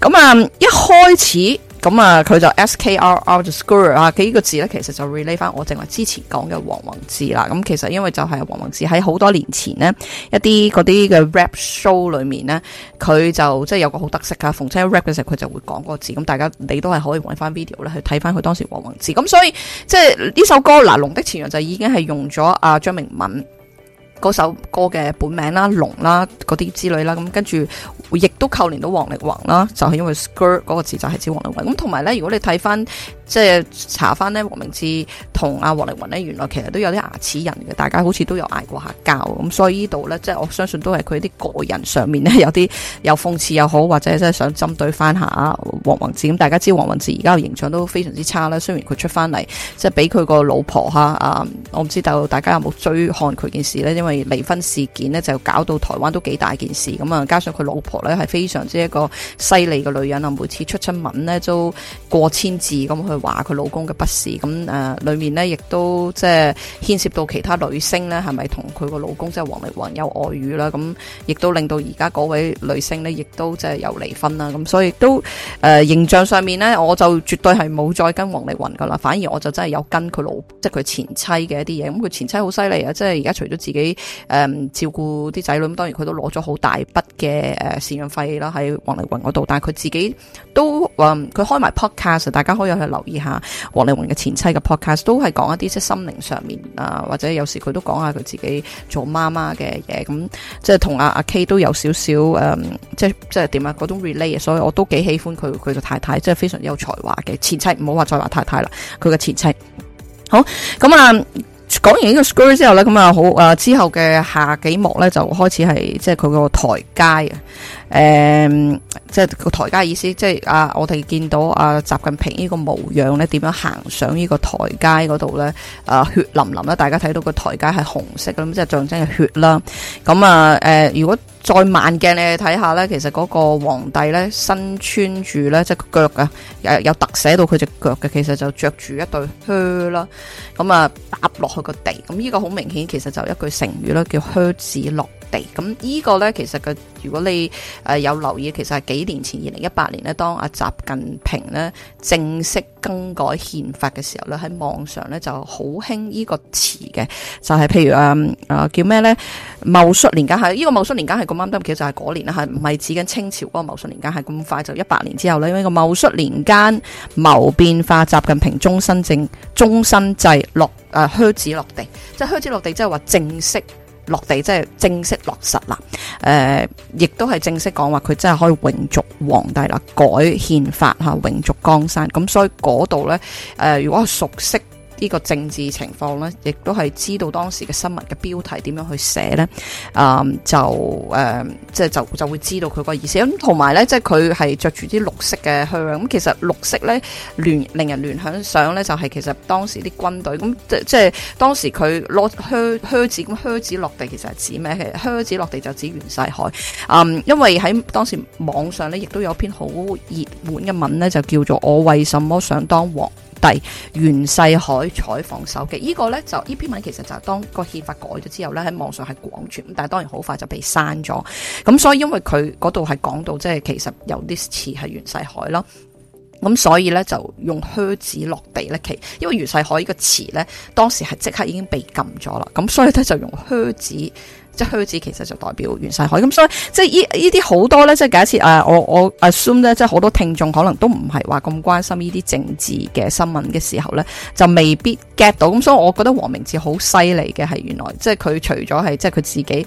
咁啊，一開始。咁啊，佢就 S K R Out s k o l 啊，佢呢個字咧，其實就 relay 翻我淨係之前講嘅黃明志啦。咁其實因為就係黃明志喺好多年前呢，一啲嗰啲嘅 rap show 裏面呢，佢就即係有個好特色噶，逢親 rap 嘅時候，佢就會講個字。咁大家你都係可以揾翻 video 咧去睇翻佢當時黃明志。咁所以即係呢首歌嗱，《龍的傳人》就已經係用咗阿張明敏。嗰首歌嘅本名啦、龍啦、嗰啲之類啦，咁跟住亦都扣連到王力宏啦，就係因為 skirt 嗰個字就係指王力宏。咁同埋咧，如果你睇返。即係查翻呢，黃明志同阿王力宏呢，原來其實都有啲牙齒人嘅，大家好似都有嗌過下交咁，所以呢度呢，即係我相信都係佢啲個人上面呢，有啲有諷刺又好，或者即係想針對翻下黃明志咁。大家知黃明志而家嘅形象都非常之差啦，雖然佢出翻嚟即係俾佢個老婆嚇，啊，我唔知道大家有冇追看佢件事呢？因為離婚事件呢，就搞到台灣都幾大件事咁啊，加上佢老婆呢，係非常之一個犀利嘅女人啊，每次出親文呢，都過千字咁話佢老公嘅不是，咁誒、呃、裏面咧亦都即係牽涉到其他女星咧，係咪同佢個老公即係王力宏有外遇啦？咁亦都令到而家嗰位女星咧，亦都即係有離婚啦。咁所以都誒、呃、形象上面咧，我就絕對係冇再跟王力宏噶啦，反而我就真係有跟佢老，即係佢前妻嘅一啲嘢。咁佢前妻好犀利啊！即係而家除咗自己誒、呃、照顧啲仔女，咁當然佢都攞咗好大筆嘅誒贍養費啦，喺、呃、王力宏嗰度。但係佢自己都誒，佢、呃、開埋 podcast，大家可以去留。以下王力宏嘅前妻嘅 podcast 都係講一啲即係心靈上面啊，或者有時佢都講下佢自己做媽媽嘅嘢，咁即係同阿阿 K 都有少少誒、嗯，即係即係點啊？嗰種 relate，所以我都幾喜歡佢，佢個太太，即係非常之有才華嘅前妻，唔好話再話太太啦，佢嘅前妻。好咁啊，講完呢個 story 之後呢，咁啊好啊之後嘅下幾幕呢，就開始係即係佢個台街啊。誒、嗯，即係個台階意思，即係啊，我哋見到啊，習近平呢個模樣咧，點樣行上呢個台階嗰度咧？啊，血淋淋啦，大家睇到個台階係紅色咁，即係象徵係血啦。咁、嗯、啊，誒，如果再慢鏡你睇下咧，其實嗰個皇帝咧，身穿住咧，即係個腳啊，有有特寫到佢隻腳嘅，其實就着住一對靴啦。咁啊，搭落去個地，咁呢個好明顯，其實就一句成語啦，叫靴子落。咁呢、嗯，這個呢，其實佢如果你誒有留意，其實係幾年前二零一八年呢，當阿習近平呢正式更改憲法嘅時候、就是嗯呃、呢，喺網上呢就好興呢個詞嘅，就係譬如啊啊叫咩呢？「戊戌年間係呢、這個戊戌年間係咁啱得，其實就係嗰年啦，係唔係指緊清朝嗰個戊戌年間？係咁快就一百年之後呢，因為個戊戌年間謀變化，習近平終身制終身制落誒靴、啊、子落地，即係靴子落地，即係話正式。落地即係正式落實啦，誒、呃，亦都係正式講話，佢真係可以永續皇帝啦，改憲法嚇，永、啊、續江山，咁所以嗰度咧，誒、呃，如果熟悉。呢個政治情況呢，亦都係知道當時嘅新聞嘅標題點樣去寫呢。啊就誒，即係就就會知道佢個意思。咁同埋呢，即係佢係着住啲綠色嘅靴。咁其實綠色呢，聯令人聯想想呢，就係其實當時啲軍隊。咁即即係當時佢攞靴靴子，咁靴子落地其實係指咩？其實靴子落地就指袁世凱。嗯，因為喺當時網上呢，亦都有一篇好熱門嘅文呢，就叫做《我為什麼想當王》。袁世凱採訪手機，呢、這個呢，就呢篇文其實就係當個憲法改咗之後呢，喺網上係廣傳，但係當然好快就被刪咗，咁所以因為佢嗰度係講到即係其實有啲詞係袁世凱啦，咁所以呢，就用靴子落地呢，其因為袁世凱呢個詞呢，當時係即刻已經被禁咗啦，咁所以呢，就用靴子。即靴子其實就代表袁世凱。咁，所以即呢呢啲好多呢，即係假設誒，我我 assume 呢，即好多聽眾可能都唔係話咁關心呢啲政治嘅新聞嘅時候呢，就未必 get 到。咁所以，我覺得黃明志好犀利嘅係原來，即佢除咗係即佢自己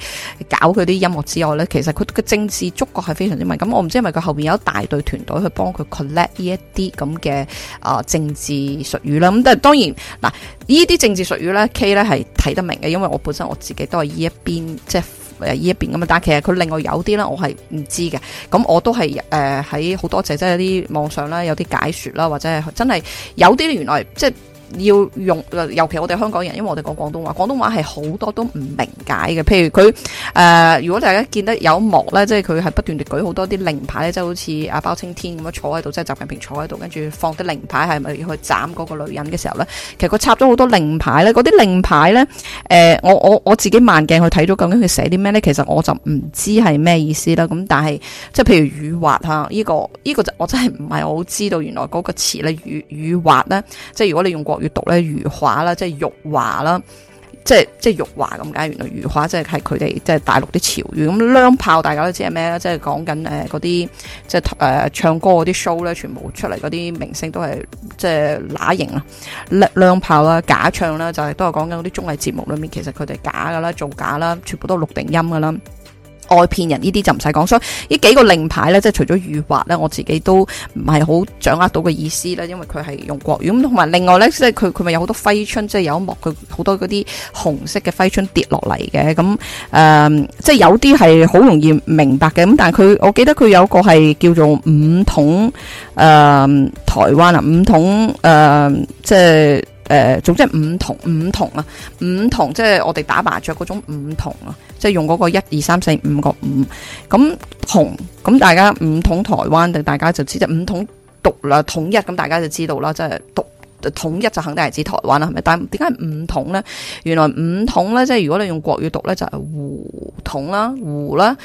搞佢啲音樂之外呢，其實佢個政治觸覺係非常之敏感。咁我唔知係咪佢後面有一大隊團隊去幫佢 collect 呢一啲咁嘅啊政治術語啦。咁但係當然嗱。呢啲政治術語咧，K 咧係睇得明嘅，因為我本身我自己都係依一邊，即係誒依一邊咁啊。但係其實佢另外有啲咧，我係唔知嘅。咁我都係誒喺好多即係啲網上啦，有啲解說啦，或者係真係有啲原來即係、就是要用尤其我哋香港人，因為我哋講廣東話，廣東話係好多都唔明解嘅。譬如佢誒、呃，如果大家見得有幕咧，即係佢係不斷地舉好多啲令牌咧，即係好似阿包青天咁樣坐喺度，即係習近平坐喺度，跟住放啲令牌，係咪要去斬嗰個女人嘅時候咧？其實佢插咗好多令牌咧，嗰啲令牌咧，誒、呃，我我我自己慢鏡去睇咗，究竟佢寫啲咩咧？其實我就唔知係咩意思啦。咁但係即係譬如語滑吓，呢個呢個就我真係唔係好知道原來嗰個詞咧語語滑咧，即係如果你用要讀咧辱華啦，即係辱華啦，即係即係辱華咁解。原來辱華即係係佢哋即係大陸啲潮語咁。娘炮大家都知係咩啦，即係講緊誒嗰啲即係誒唱歌嗰啲 show 咧，全部出嚟嗰啲明星都係即係乸型啦，娘炮啦，假唱啦，就係都係講緊嗰啲綜藝節目裏面，其實佢哋假噶啦，造假啦，全部都係錄定音噶啦。愛騙人呢啲就唔使講，所以呢幾個令牌咧，即係除咗語畫咧，我自己都唔係好掌握到個意思啦，因為佢係用國語咁。同埋另外咧，即係佢佢咪有好多揮春，即係有一幕佢好多嗰啲紅色嘅揮春跌落嚟嘅咁誒，即係有啲係好容易明白嘅咁，但係佢我記得佢有一個係叫做武統誒、呃、台灣啊，武統誒、呃、即係。誒、呃，總之五筒五筒啊，五筒即係我哋打麻雀嗰種五筒啊，即係用嗰個一二三四五個五咁，同咁大家五統台灣，定大家就知道五統獨立統一，咁大家就知道啦，即係統統一就肯定係指台灣啦，係咪？但係點解五統咧？原來五統咧，即係如果你用國語讀咧，就係、是、胡統啦，胡啦。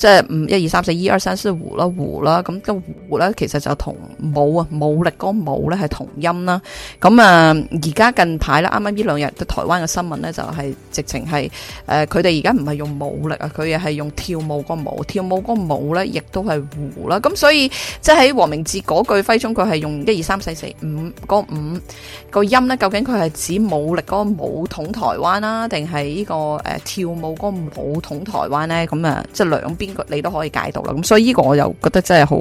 即係五一二三四一二三四胡啦胡啦，咁個胡咧其實就同舞啊，武力個舞咧係同音啦。咁啊，而家近排啦，啱啱呢兩日台灣嘅新聞咧就係、是、直情係誒佢哋而家唔係用武力啊，佢係用跳舞個舞，跳舞個舞咧亦都係胡啦。咁所以即係喺黃明志嗰句揮中，佢係用一二三四四五個五個音咧，究竟佢係指武力個舞統台灣啦，定係呢個誒、呃、跳舞個舞統台灣咧？咁啊，即係兩邊。呢個你都可以解讀啦，咁所以呢個我又覺得真係好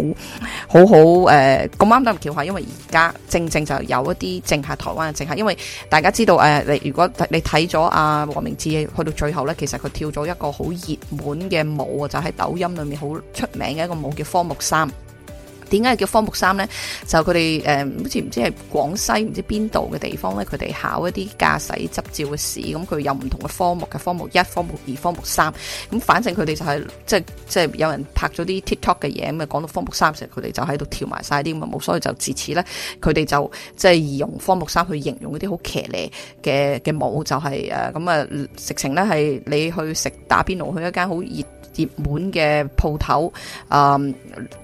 好好誒咁啱得巧下，因為而家正正就有一啲政客、正台灣嘅政客，因為大家知道誒、呃，你如果你睇咗阿黃明志去到最後呢，其實佢跳咗一個好熱門嘅舞啊，就喺、是、抖音裏面好出名嘅一個舞叫《科目三》。點解叫科目三呢？就佢哋誒，好、呃、似唔知係廣西唔知邊度嘅地方呢，佢哋考一啲駕駛執照嘅試，咁佢有唔同嘅科目嘅，科目一、科目二、科目三，咁反正佢哋就係、是、即係即係有人拍咗啲 TikTok 嘅嘢，咁啊講到科目三時，佢哋就喺度跳埋晒啲咁嘅舞，所以就自此呢，佢哋就即係用科目三去形容嗰啲好騎呢嘅嘅舞，就係咁啊，直、呃、情呢係你去食打邊爐，去一間好熱。熱門嘅鋪頭，嗯，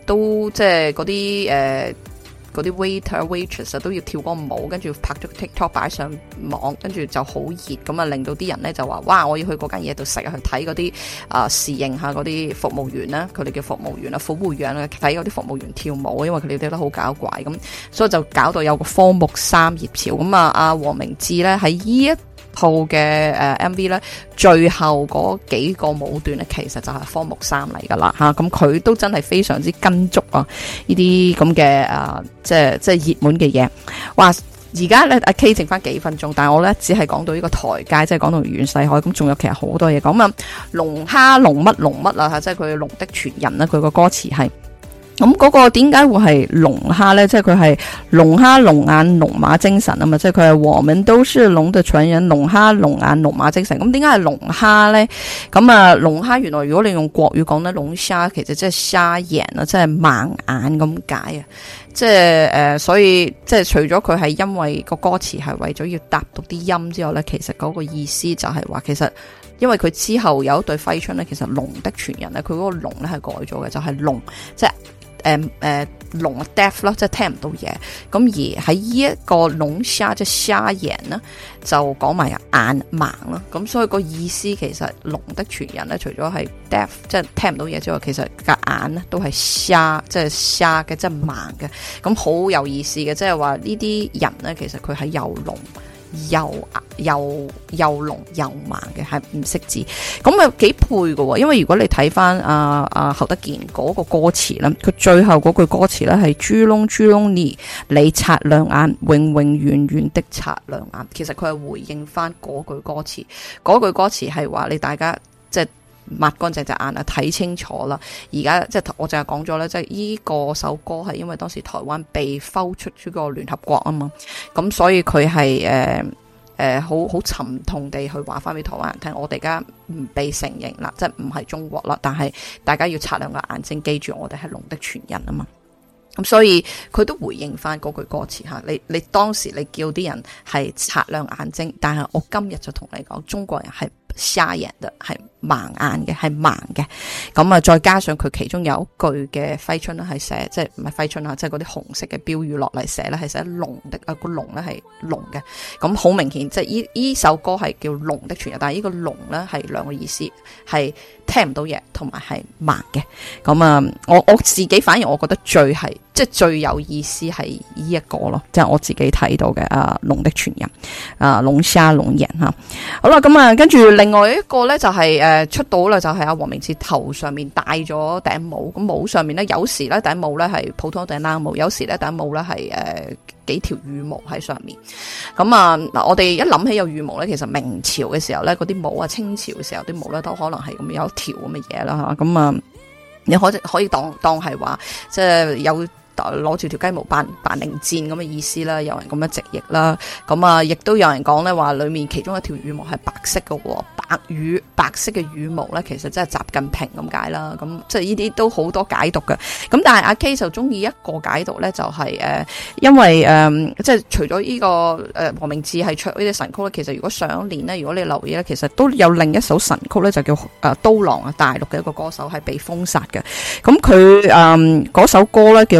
都即係嗰啲誒，啲 waiter、呃、waitress、er, Wait 都要跳個舞，跟住拍咗 TikTok 擺上網，跟住就好熱，咁啊令到啲人咧就話：哇！我要去嗰間嘢度食，去睇嗰啲啊侍應下嗰啲服務員啦，佢哋嘅服務員啊、服務員啊，睇嗰啲服務員跳舞，因為佢哋跳得好搞怪，咁所以就搞到有個科目三熱潮。咁啊，阿黃明志咧喺依一套嘅誒 MV 咧，v, 最後嗰幾個舞段咧，其實就係科目三嚟噶啦嚇，咁、啊、佢都真係非常之跟足啊！呢啲咁嘅誒，即係即係熱門嘅嘢。哇！而家咧阿 K 剩返幾分鐘，但係我咧只係講到呢個台階，即係講到袁世海，咁仲有其實好多嘢講。啊。龍蝦龍乜龍乜啊？嚇，即係佢《龍的傳人》咧，佢個歌詞係。咁嗰、嗯，那個點解會係龍蝦咧？即係佢係龍蝦、龍眼、龍馬精神啊嘛！即係佢係我們都是龍的傳人，龍蝦、龍眼、龍馬精神。咁點解係龍蝦咧？咁啊，龍、嗯、蝦原來如果你用國語講咧，龍蝦其實即係蝦贏啊，即係盲眼咁解啊！即係誒、呃，所以即係除咗佢係因為個歌詞係為咗要搭讀啲音之外咧，其實嗰個意思就係話，其實因為佢之後有一對揮春咧，其實龍的傳人咧，佢嗰個龍咧係改咗嘅，就係、是、龍即係。誒誒，龍 deaf 啦，呃、de af，即係聽唔到嘢。咁而喺呢一個聾瞎，即係瞎眼啦，就講埋眼盲啦。咁所以個意思其實龍的傳人咧，除咗係 deaf，即係聽唔到嘢之外，其實個眼咧都係瞎，即係瞎嘅，即係盲嘅。咁好有意思嘅，即係話呢啲人咧，其實佢係有聾。又又又聾又盲嘅，係唔識字，咁啊幾配㗎喎！因為如果你睇翻阿阿侯德健嗰個歌詞啦，佢最後嗰句歌詞呢係豬窿豬窿，你擦亮眼，永永遠遠的擦亮眼。其實佢係回應翻嗰句歌詞，嗰句歌詞係話你大家即係。就是抹乾淨隻眼啊，睇清楚啦！而家即係我淨係講咗咧，即係呢、這個首歌係因為當時台灣被拋出呢個聯合國啊嘛，咁所以佢係誒誒好好沉痛地去話翻俾台灣人聽。我哋而家唔被承認啦，即係唔係中國啦。但係大家要擦亮個眼睛，記住我哋係龍的傳人啊嘛。咁所以佢都回應翻嗰句歌詞嚇你。你當時你叫啲人係擦亮眼睛，但係我今日就同你講，中國人係沙人嘅係。盲眼嘅係盲嘅，咁啊再加上佢其中有一句嘅揮春咧係寫，即係唔係揮春啊，即係嗰啲紅色嘅標語落嚟寫咧，係寫龍的啊個龍咧係龍嘅，咁好明顯即係依依首歌係叫龍的傳人，但係呢個龍咧係兩個意思，係聽唔到嘢同埋係盲嘅，咁啊我我自己反而我覺得最係即係最有意思係依一個咯，即係我自己睇到嘅啊，龍的傳人啊，龍蝦龍人吓，好啦，咁啊跟住另外一個咧就係誒。誒，出到啦就係阿黃明志頭上面戴咗頂帽，咁帽上面咧有時咧頂帽咧係普通頂硬帽，有時咧頂帽咧係誒幾條羽毛喺上面。咁啊，嗱我哋一諗起有羽毛咧，其實明朝嘅時候咧嗰啲帽啊，清朝嘅時候啲帽咧都可能係咁有一條咁嘅嘢啦吓。咁啊，你可可以當當係話即係有。攞住條雞毛扮扮令箭咁嘅意思啦，有人咁樣直譯啦，咁啊亦都有人講呢。話，裡面其中一條羽毛係白色嘅喎。哦，白羽白色嘅羽毛呢，其實真係習近平咁解啦，咁即係呢啲都好多解讀嘅。咁但係阿 K 就中意一個解讀呢，就是，就係誒，因為誒、呃，即係除咗呢、這個誒黃、呃、明志係唱呢隻神曲呢。其實如果上一年呢，如果你留意呢，其實都有另一首神曲呢，就叫誒、呃、刀郎啊，大陸嘅一個歌手係被封殺嘅。咁佢誒嗰首歌呢，叫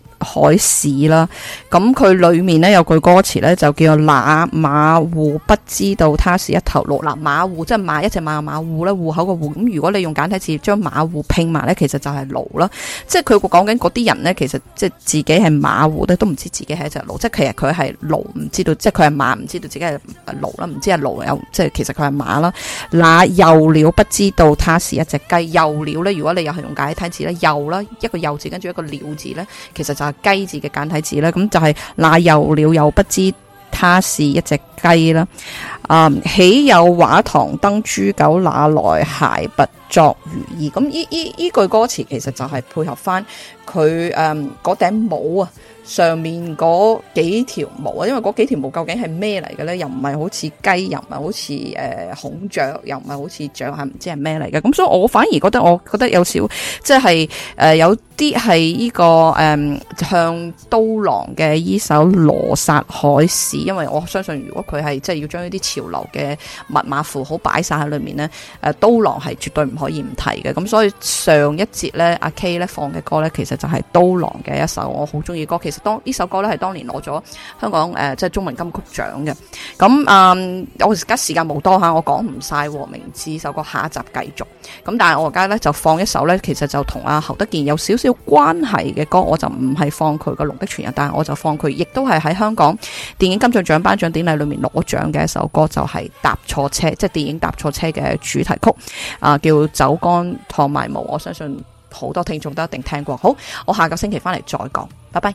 海市啦，咁佢裏面呢，有句歌詞呢，就叫做那馬馬戶不知道他是一頭驢。嗱，馬戶即係馬，一隻馬馬戶呢，戶口個戶，咁如果你用簡體字將馬戶拼埋呢，其實就係驢啦，即係佢講緊嗰啲人呢，其實即係自己係馬戶都都唔知自己係一隻驢，即係其實佢係驢唔知道，即係佢係馬唔知道自己係驢啦，唔知係驢即係其實佢係馬啦。那幼鳥不知道他是一隻雞，幼鳥呢，如果你又係用簡體字呢，「幼啦，一個幼字跟住一個鳥字呢，其實就係。雞字嘅簡體字咧，咁就係、是、那又鳥又不知，它是一隻雞啦。啊、嗯，豈有畫堂登豬狗，那來鞋不作如意？咁依依依句歌詞，其實就係配合翻佢誒嗰頂帽啊，上面嗰幾條毛啊，因為嗰幾條毛究竟係咩嚟嘅咧？又唔係好似雞，又唔係好似誒、呃、孔雀，又唔係好似雀，係唔知係咩嚟嘅。咁所以我反而覺得，我覺得有少即係誒、呃、有。啲係呢個誒、嗯、向刀郎嘅依首《羅剎海市》，因為我相信如果佢係即係要將呢啲潮流嘅密碼符號擺晒喺裏面呢，誒、啊、刀郎係絕對唔可以唔提嘅。咁所以上一節呢，阿 K 呢放嘅歌呢，其實就係刀郎嘅一首我好中意嘅歌。其實當呢首歌呢，係當年攞咗香港誒、呃、即係中文金曲獎嘅。咁誒、嗯，我而家時間冇多嚇，我講唔晒。黃明志首歌，下一集繼續。咁但係我而家呢，就放一首呢，其實就同阿、啊、侯德健有少少。關係嘅歌，我就唔係放佢個龍的傳人，但係我就放佢，亦都係喺香港電影金像獎頒獎典禮裏面攞獎嘅一首歌，就係、是《搭錯車》，即係電影《搭錯車》嘅主題曲啊，叫《酒矸倘賣無》。我相信好多聽眾都一定聽過。好，我下個星期翻嚟再講，拜拜。